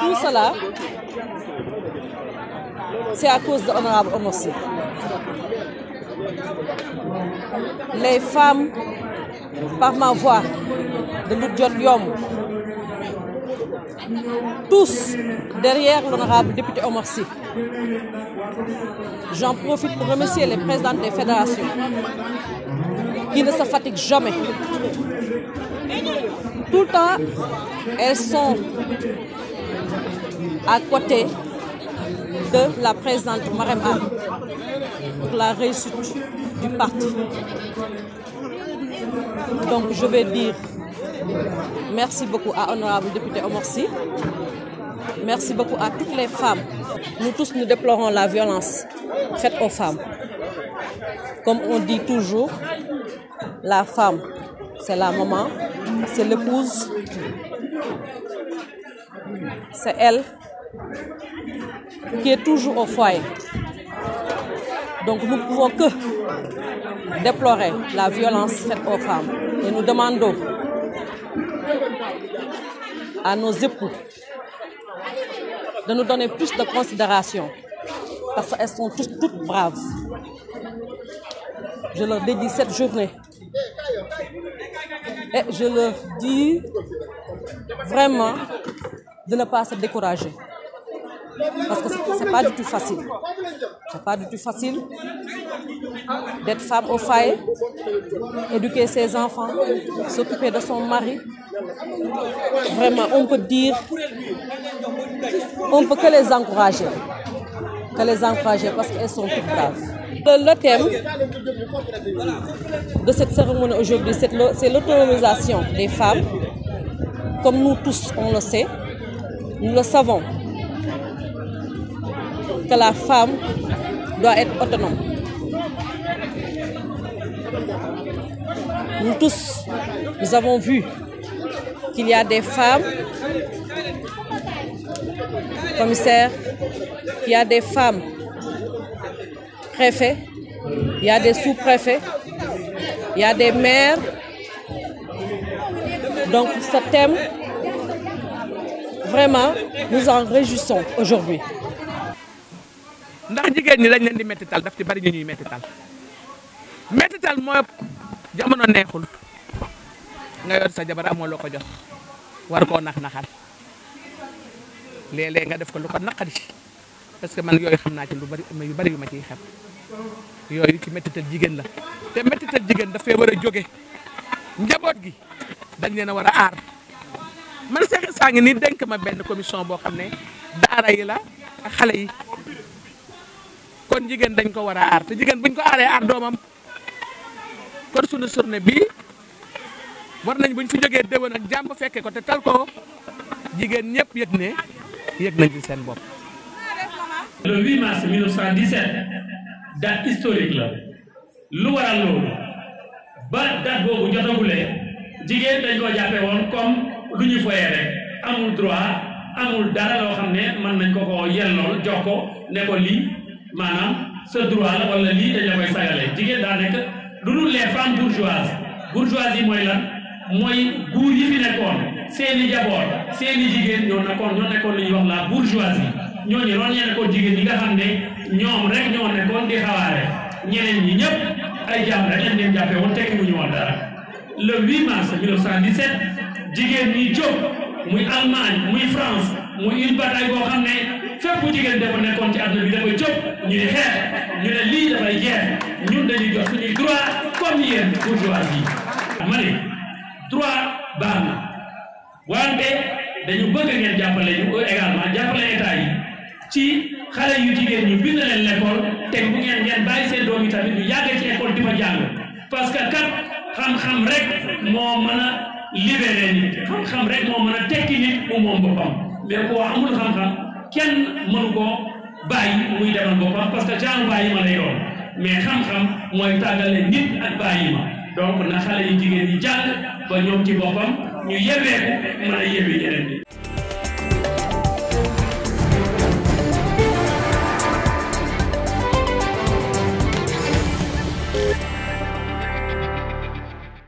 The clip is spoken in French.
tout cela, c'est à cause de l'honorable Sy Les femmes, par ma voix, de Luc tous derrière l'honorable député Omar Sy. J'en profite pour remercier les présidents des fédérations qui ne se fatiguent jamais. Tout le temps, elles sont à côté de la présente Marem pour la réussite du parti. Donc je vais dire merci beaucoup à honorable député Omorsi, Merci beaucoup à toutes les femmes. Nous tous nous déplorons la violence faite aux femmes. Comme on dit toujours, la femme, c'est la maman, c'est l'épouse, c'est elle qui est toujours au foyer. Donc nous ne pouvons que déplorer la violence faite aux femmes et nous demandons à nos époux de nous donner plus de considération parce qu'elles sont toutes, toutes braves. Je leur dédie cette journée et je leur dis vraiment de ne pas se décourager. Parce que ce n'est pas du tout facile. C'est pas du tout facile d'être femme au foyer, éduquer ses enfants, s'occuper de son mari. Vraiment, on peut dire, on peut que les encourager. Que les encourager parce qu'elles sont toutes braves. Le, thème de cette cérémonie aujourd'hui, c'est l'autonomisation des femmes. Comme nous tous, on le sait, nous le savons que la femme doit être autonome. Nous tous, nous avons vu qu'il y a des femmes commissaires, il y a des femmes préfets, il y a des sous-préfets, il y a des maires. Donc ce thème, vraiment, nous en réjouissons aujourd'hui. ndax jigen ni lañ leen di tal daf ci bari metti tal metti tal moy jamono neexul nga yor sa jabar amo loko jox war ko nax naxal lele nga def ko luko ko parce que man yoy xamna ci lu bari yu bari yu ma ci xam yoy ci tal jigen la te tal jigen da fe wara joge njabot gi dañ leena wara ar man sax sang ni denk ma ben commission bo xamne ne daara yi la ak yi kon jigéen dañ ko war a aar te jigéen buñ ko aaree aar doomam kon sunu journée bii war nañ buñ fi jógee déwén ak jàmm fekke ko te tal jigéen ñëpp yëg ne yëg nañ ci seen bopp. le 8 mars loolu ba date boobu jotagulee jigéen dañ ko jàppee woon comme lu ñu foyee rek amul droit amul dara loo xam ne mën nañ ko ko yellool jox ko ne ko lii. maanaam sa droit la lii dañ la koy sagale jigéen daa nekk lu dul les femmes bourgeoises bourgeoises yi mooy lan mooy buur yi fi nekkoon seeni jaboot seeni jigéen ñoo nekkoon ñoo nekkoon li ñuy wax la bourgeoisie ñooñu loolu ñoo nekkoon jigéen ñi nga xam ne ñoom rek ñoo nekkoon di xawaare ñeneen ñi ñëpp ay jaam rek lañ leen jàppee woon tekki mu ñu woon dara le 8 mars 1917 jigéen ñi jóg muy Allemagne muy France muy une bataille xam ne. fépp ku jigéen dafa nekkoon ci àdduna bi dafay jóg ñuy xeex ñu ne lii dafay jeex ñun dañuy jox suñuy droit comme yéen bourgeoisie yi ma ne droit baax na wante dañu bëgg ngeen jàppale ñu yi ci xale yu jigéen ñu bind leen l'école te bu ngeen yi tamit di fa jàng parce que kat xam-xam rek moo mën a libéré nit xam-xam rek moo mën a tekki nit mu boppam mais ku amul xam-xam kenn mënu koo bàyyi muy demal boppam parce que genre bàyyi ma lay doon mais xam-xam mooy tàggale nit ak bàyyi ma donc na xale yu jigéen ñi jàng ba ñoom ci boppam ñu yebeeku mën a yebe ñeneen ñi